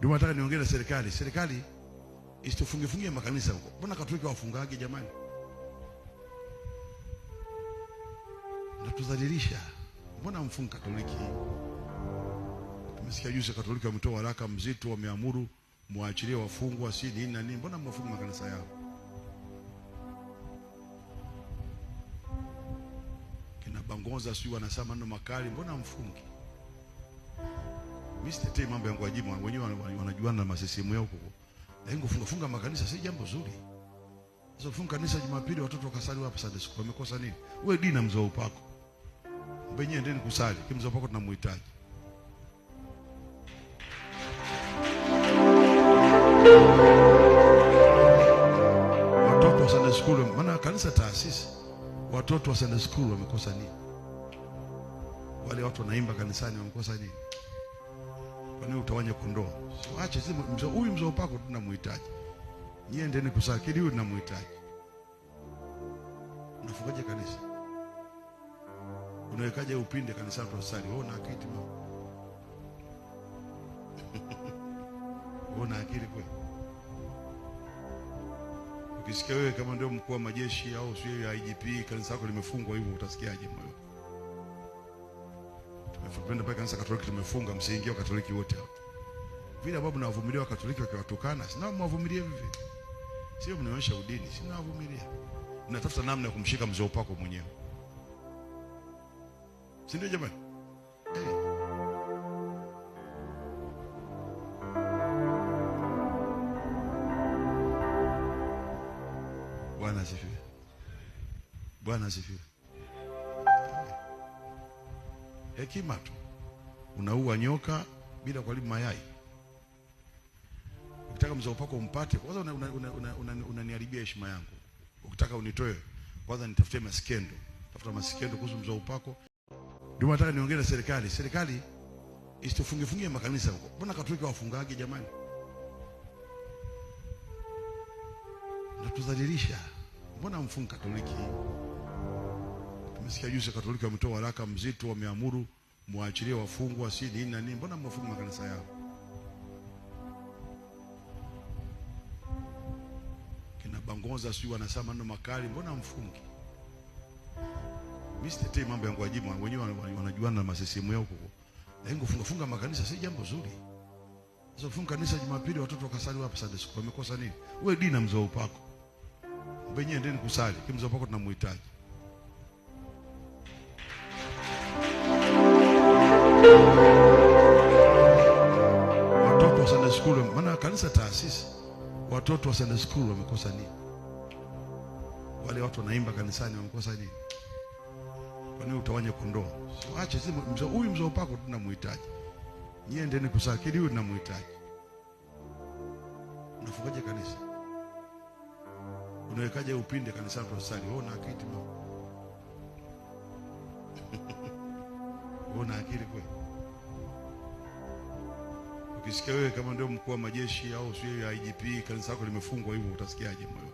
Ndio nataka niongee na serikali. Serikali isitufungifungie makanisa huko. Mbona Katoliki wafungage jamani? Natuzalilisha. Mbona mfunga Katoliki? Tumesikia juzi Katoliki wametoa waraka mzito, wameamuru muachilie wafungwa si nini na nini. Mbona mwafunga makanisa yao? Kina Bangoza sio wanasema neno makali, mbona mfungi? Mimi sitetei mambo ya kuwajibu, wenyewe wanajuana na masisimu yao huko. Lakini kufunga funga makanisa si jambo zuri. Sasa funga kanisa Jumapili watoto wakasali hapa Sunday school. Wamekosa nini? Wewe dina mzao upako. Mbenye endeni kusali. Kimzao upako tunamhitaji. Watoto wa Sunday school, maana kanisa taasisi. Watoto wa Sunday school wamekosa nini? Wale watu wanaimba kanisani wamekosa nini? wanaotawanya kondoo. Waache sema mzo huyu mzao tunamhitaji. Nyie endeni kusakili huyu tunamhitaji. Unafungaje kanisa? Unawekaje upinde kanisa prosari? Wewe una akili mama. Wewe una akili kweli? Ukisikia wewe kama ndio mkuu wa majeshi au sio IGP kanisa lako limefungwa hivyo utasikiaje moyo? Tumeenda pale kanisa Katoliki tumefunga, wa Katoliki wote hapo. Vile ambavyo mnawavumilia Katoliki wakiwatukana, sina mwavumilie vipi? Sio mnaonyesha udini, sina mwavumilia. Mnatafuta namna ya kumshika mzee upako mwenyewe. Si ndio jamani? Eh. Bwana asifiwe. Bwana asifiwe. hekima tu. Unaua nyoka bila kuharibu mayai. Ukitaka mzao pako umpate, kwanza unaniharibia una, una, una, una heshima yangu. Ukitaka unitoe, kwanza nitafutie masikendo, tafuta masikendo kuhusu mzao pako. Ndio nataka niongee na serikali. Serikali isitufungifungie makanisa huko. Mbona Katoliki wafungage jamani? Natudhalilisha. Mbona mfunga Katoliki? Nasikia juzi Katoliki wametoa waraka mzito, wameamuru muachilie wafungwa si nini na nini. Mbona mnafunga makanisa yao? Kina Bangoza sijui wanasema maneno makali, mbona mfungi? Mimi sitetei mambo ya wajibu wenyewe wanajuana na masisimu yao huko. Lakini kufunga funga makanisa si jambo zuri. Sasa funga kanisa Jumapili watoto wakasali wapi Sunday school? Wamekosa nini? Wewe dini na mzao upako. Wenyewe endeni kusali. Kimzao upako tunamuhitaji. Watoto wa Sunday school, maana kanisa taasisi, watoto wa Sunday school wamekosa nini? Wale watu wanaimba kanisani wamekosa nini? Kwa nini utawanye kondoo? Waache sisi, huyu mzao upako, tunamhitaji. Nyie endeni kusakili, huyu tunamhitaji. Unafukaje kanisa? Unawekaje upinde kanisani? Wewe una akiti mama ana akili kweli? Ukisikia wewe kama ndio mkuu wa majeshi au sio ya IGP, kanisa lako limefungwa hivyo, utasikiaje moyo?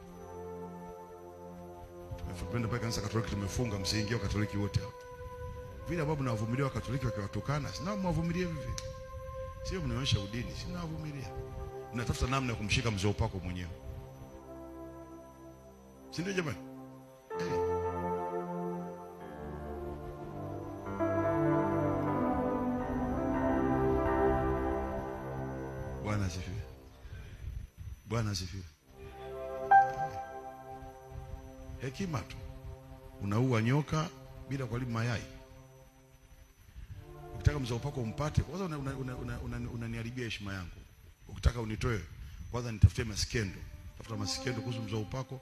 Tunapenda pale kanisa Katoliki limefunga, msiingie Katoliki wote hapo. Vile ambavyo mnawavumilia wa Katoliki wakiwatukana, sina mwavumilie vipi? Sio mnaonyesha udini, sina wavumilia. Mnatafuta namna ya kumshika mzee upako mwenyewe. Si ndio jamani? Hey. Eh. Bwana asifiwe. Hekima tu, unaua nyoka bila kuharibu mayai. Ukitaka mzao wako umpate, kwanza unaniharibia una, una, una, una heshima yangu. Ukitaka unitoe, kwanza nitafutie masikendo tafuta masikendo kuhusu mzao wako.